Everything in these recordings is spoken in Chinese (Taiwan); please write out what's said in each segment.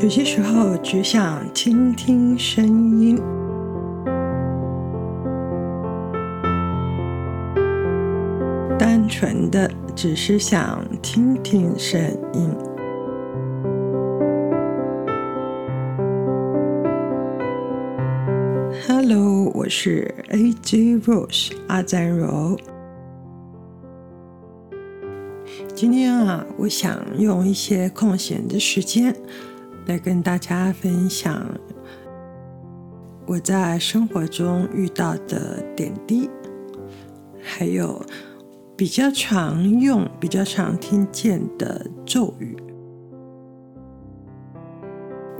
有些時候只想聽聽聲音，單純的只是想聽聽聲音。Hello，我是 AJ Rose 阿贊柔。今天啊，我想用一些空閒的時間。來跟大家分享我在生活中遇到的點滴，還有比較常用、比較常聽見的咒語。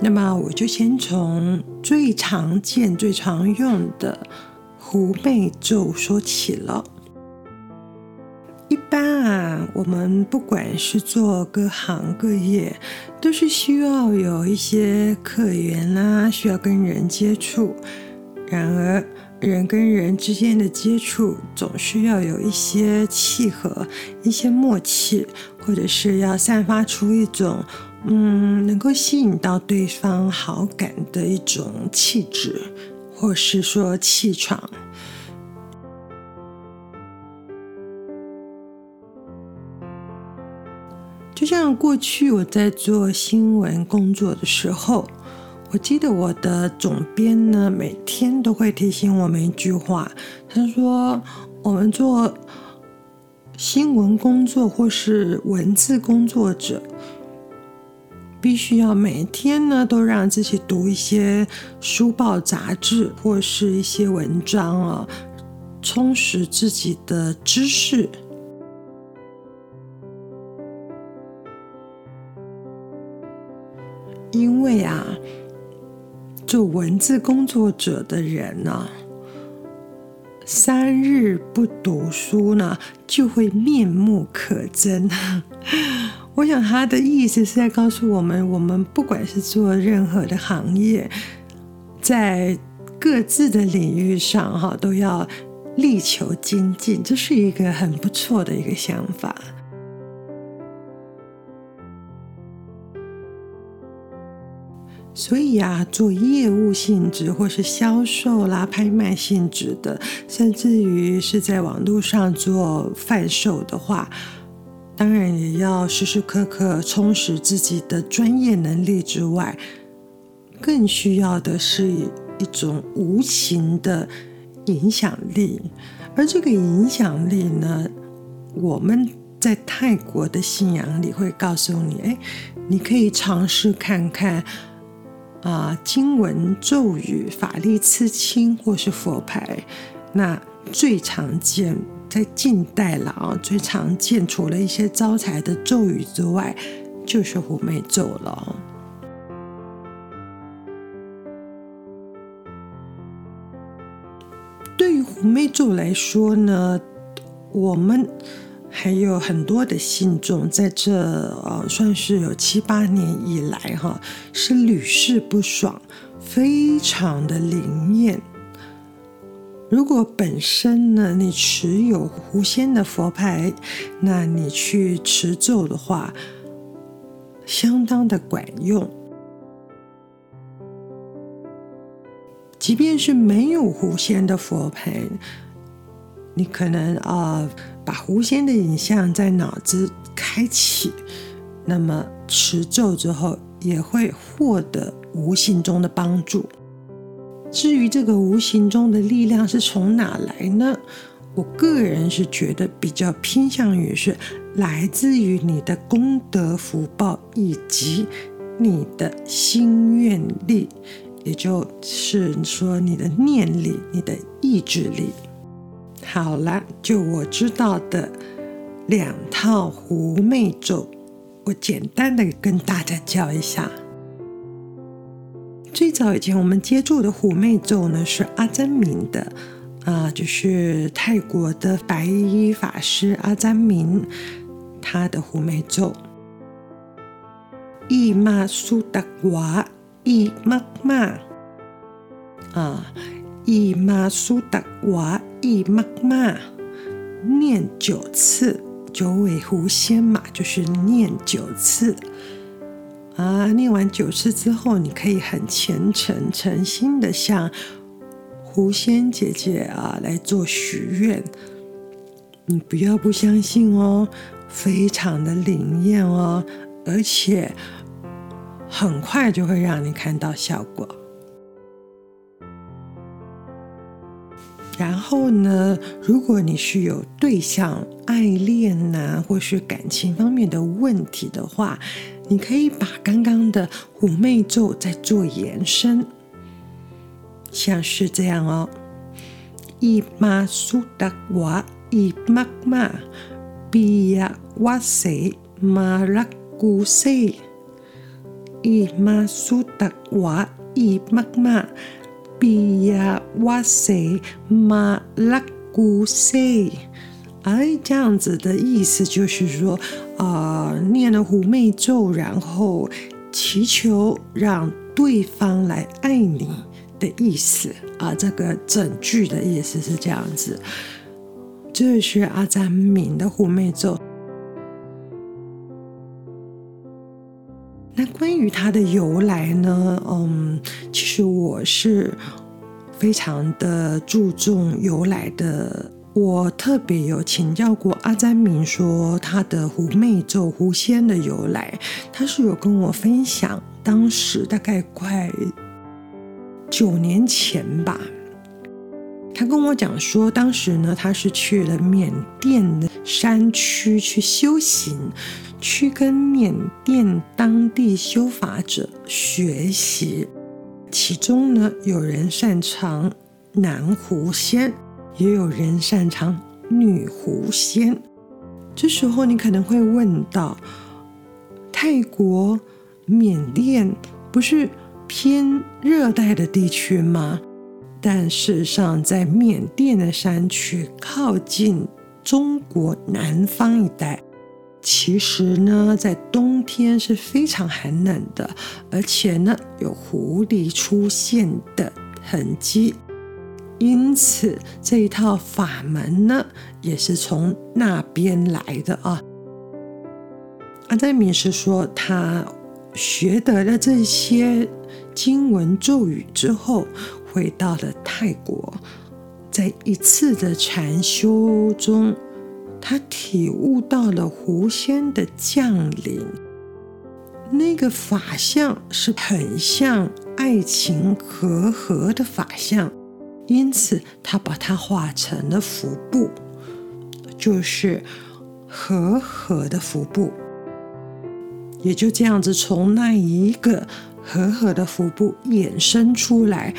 那麼，我就先從最常見、最常用的“狐媚咒”說起了。一般啊。我們不管是做各行各業，都是需要有一些客源啦，需要跟人接觸。然而，人跟人之間的接觸，總需要有一些契合、一些默契，或者是要散發出一種，嗯，能夠吸引到對方好感的一種氣質，或是說氣場。像過去我在做新聞工作的時候，我記得我的總編呢，每天都會提醒我們一句話。他說：“我們做新聞工作或是文字工作者，必須要每天呢都讓自己讀一些書報、雜誌或是一些文章啊，充實自己的知識。”因為啊，做文字工作者的人呢、啊，三日不讀書呢，就會面目可憎、啊。我想他的意思是在告訴我們，我們不管是做任何的行業，在各自的領域上哈，都要力求精進，這是一個很不錯的一個想法。所以啊，做業務性質或是銷售啦、拍賣性質的，甚至於是在網絡上做販售的話，當然也要時時刻刻充實自己的專業能力之外，更需要的是一種無形的影響力。而這個影響力呢，我們在泰國的信仰裡會告訴你：誒，你可以嘗試看看。啊，經文咒語、法力刺青，或是佛牌，那最常見在近代了啊。最常見除了一些招財的咒語之外，就是狐媚咒了。對於狐媚咒來說呢，我們。還有很多的信眾在這呃，算是有七八年以來哈、啊，是屢試不爽，非常的靈驗。如果本身呢，你持有狐仙的佛牌，那你去持咒的話，相當的管用。即便是沒有狐仙的佛牌，你可能啊。呃把狐仙的影像在腦子開啟，那麼持咒之後也會獲得無形中的幫助。至於這個無形中的力量是從哪來呢？我個人是覺得比較偏向於是來自於你的功德福報以及你的心願力，也就是說你的念力、你的意志力。好了，就我知道的兩套狐媚咒，我簡單的跟大家教一下。最早以前我們接觸的狐媚咒呢，是阿贊明的，啊、呃，就是泰國的白衣法師阿贊明，他的狐媚咒。伊媽蘇達娃，伊媽媽，啊、嗯，伊媽蘇達娃。嗯嗯嗯嗯嗯嗯媽媽念九次，九尾狐仙嘛，就是念九次。啊，念完九次之後，你可以很虔誠、誠心的向狐仙姐姐啊來做許願。你不要不相信哦，非常的靈驗哦，而且很快就會讓你看到效果。後呢？如果你是有對象、愛戀吶、啊，或是感情方面的問題的話，你可以把剛剛的狐媚咒再做延伸，像是這樣哦：伊瑪蘇達瓦伊瑪瑪比亞瓦塞馬比呀哇塞馬拉古塞哎、啊，這樣子的意思就是說，啊、呃，念了狐媚咒，然後祈求讓對方來愛你的意思啊，這個整句的意思是這樣子，這、就是阿贊明的狐媚咒。關於他的由來呢，嗯，其實我是非常的注重由來的。我特別有請教過阿贊明，說他的狐媚咒胡、狐仙的由來，他是有跟我分享，當時大概快九年前吧。他跟我講說，當時呢，他是去了緬甸的山區去修行，去跟緬甸當地修法者學習。其中呢，有人擅長男狐仙，也有人擅長女狐仙。這時候你可能會問到，泰國、緬甸不是偏熱帶的地區嗎？但事實上，在緬甸的山區，靠近中國南方一帶，其實呢，在冬天是非常寒冷的，而且呢，有狐狸出現的痕迹。因此，這一套法門呢，也是從那邊來的啊。阿贊明是說，他學得了這些經文咒語之後。回到了泰國，在一次的禪修中，他體悟到了狐仙的降臨。那個法相是很像愛情和合的法相，因此他把它畫成了符布，就是和合的符布。也就這樣子，從那一個和合的符布衍生出來。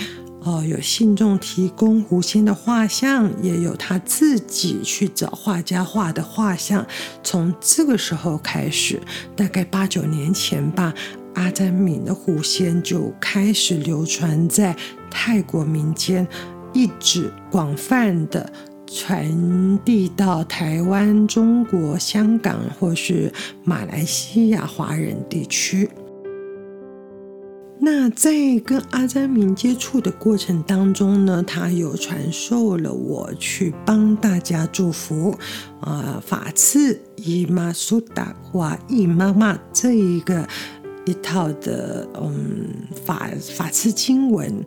哦，有信眾提供狐仙的畫像，也有他自己去找畫家畫的畫像。從這個時候開始，大概八九年前吧，阿贊明的狐仙就開始流傳在泰國民間，一直廣泛地傳遞到台灣、中國、香港或是馬來西亞華人地區。那在跟阿贊明接觸的過程當中呢，他有傳授了我去幫大家祝福，啊、呃、法刺以瑪蘇達或義媽媽這一個一套的嗯法法刺經文。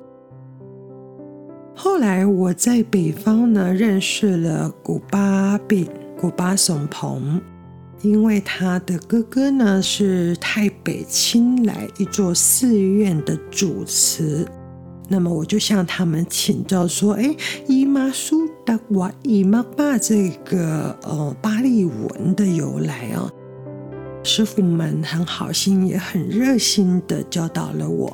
後來我在北方呢認識了古巴比、古巴松棚。因為他的哥哥呢是泰北清萊一座寺院的主持，那麼我就向他們請教說：“哎，姨媽蘇達哇，姨媽爸這個呃、哦、巴利文的由來啊、哦。”師傅們很好心，也很熱心的教導了我，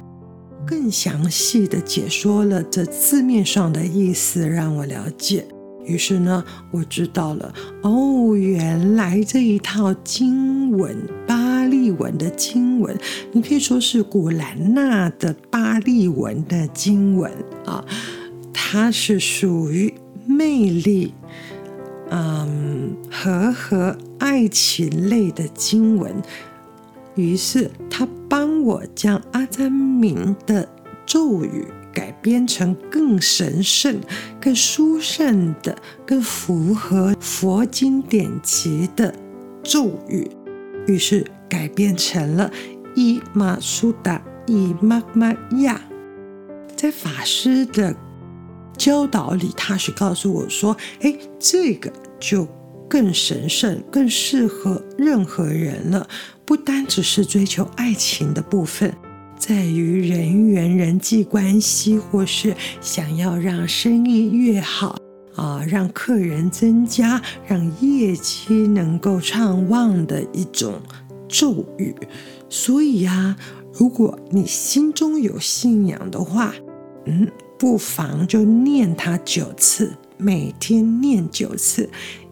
更詳細的解說了這字面上的意思，讓我了解。於是呢，我知道了哦，原來這一套經文巴利文的經文，你可以說是古蘭娜的巴利文的經文啊，它是屬於魅力、嗯和和愛情類的經文。於是他幫我講阿贊明的咒語。改編成更神聖、更殊勝的、更符合佛經典籍的咒語，於是改編成了“伊瑪蘇達伊瑪瑪亞”。在法師的教導裡，他是告訴我說：“哎、欸，這個就更神聖、更適合任何人了，不單只是追求愛情的部分。”在於人緣、人際關係，或是想要讓生意越好啊，讓客人增加，讓業績能夠暢旺的一種咒語。所以呀、啊，如果你心中有信仰的話，嗯，不妨就念它九次，每天念九次，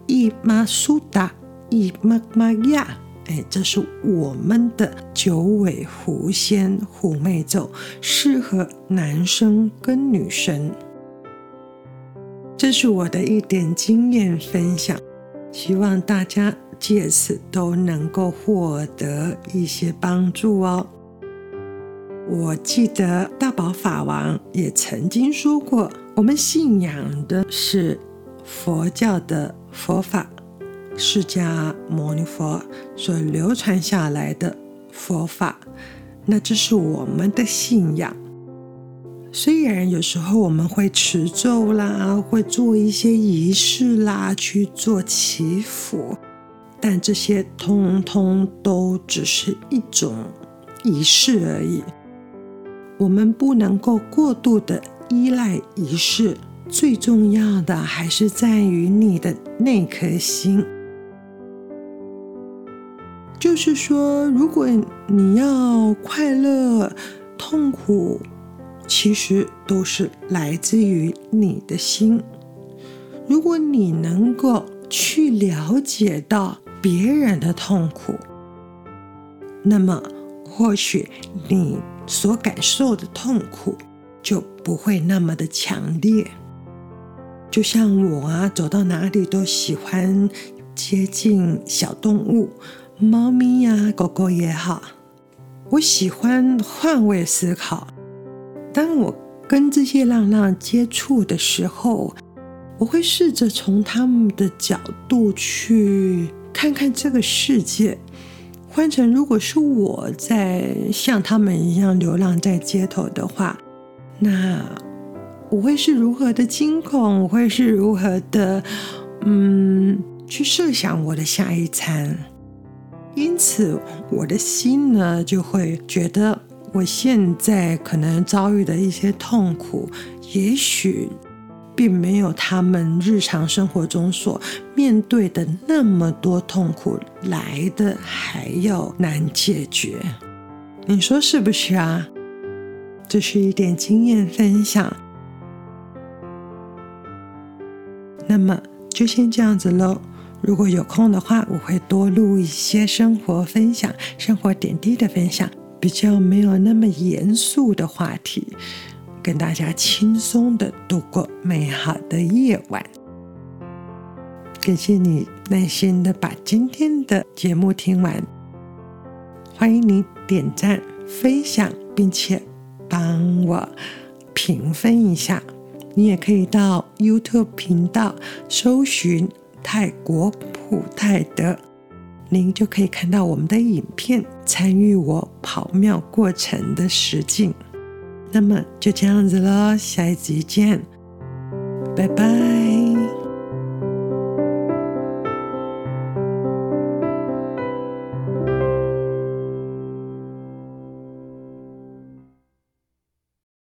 一媽蘇達，一媽瑪亞。哎，這是我們的九尾狐仙狐媚咒，適合男生跟女生。這是我的一點經驗分享，希望大家借此都能夠獲得一些幫助哦。我記得大寶法王也曾經說過，我們信仰的是佛教的佛法。釋迦牟尼佛所流傳下來的佛法，那這是我們的信仰。雖然有時候我們會持咒啦，會做一些儀式啦，去做祈福，但這些通通都只是一種儀式而已。我們不能夠過度的依賴儀式，最重要的還是在於你的那顆心。就是說，如果你要快樂，痛苦其實都是來自於你的心。如果你能夠去了解到別人的痛苦，那麼或許你所感受的痛苦就不會那麼的強烈。就像我啊，走到哪裡都喜歡接近小動物。貓咪呀、啊，狗狗也好，我喜歡換位思考。當我跟這些浪浪接觸的時候，我會試着從他們的角度去看看這個世界。換成如果是我在像他們一樣流浪在街頭的話，那我會是如何的驚恐？我會是如何的……嗯，去設想我的下一餐。因此，我的心呢就會覺得，我現在可能遭遇的一些痛苦，也許並沒有他們日常生活中所面對的那麼多痛苦來的還要難解決。你說是不是啊？這就是一點經驗分享。那麼就先這樣子嘍。如果有空的話，我會多錄一些生活分享、生活點滴的分享，比較沒有那麼嚴肅的話題，跟大家輕鬆的度過美好的夜晚。感謝你耐心的把今天的節目聽完，歡迎你點讚、分享，並且幫我評分一下。你也可以到 YouTube 頻道搜尋。泰國普泰德，您就可以看到我們的影片，參與我跑廟過程的實境。那麼就這樣子嘍，下一集見，拜拜。